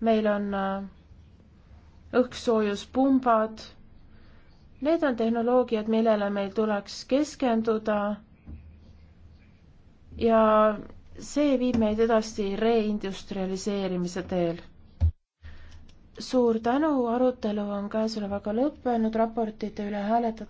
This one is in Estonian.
meil on äh, õhksoojuspumbad. Need on tehnoloogiad, millele meil tuleks keskenduda. ja see viib meid edasi reindustrialiseerimise teel. suur tänu, arutelu on käesolevaga lõppenud, raportite üle hääletatakse.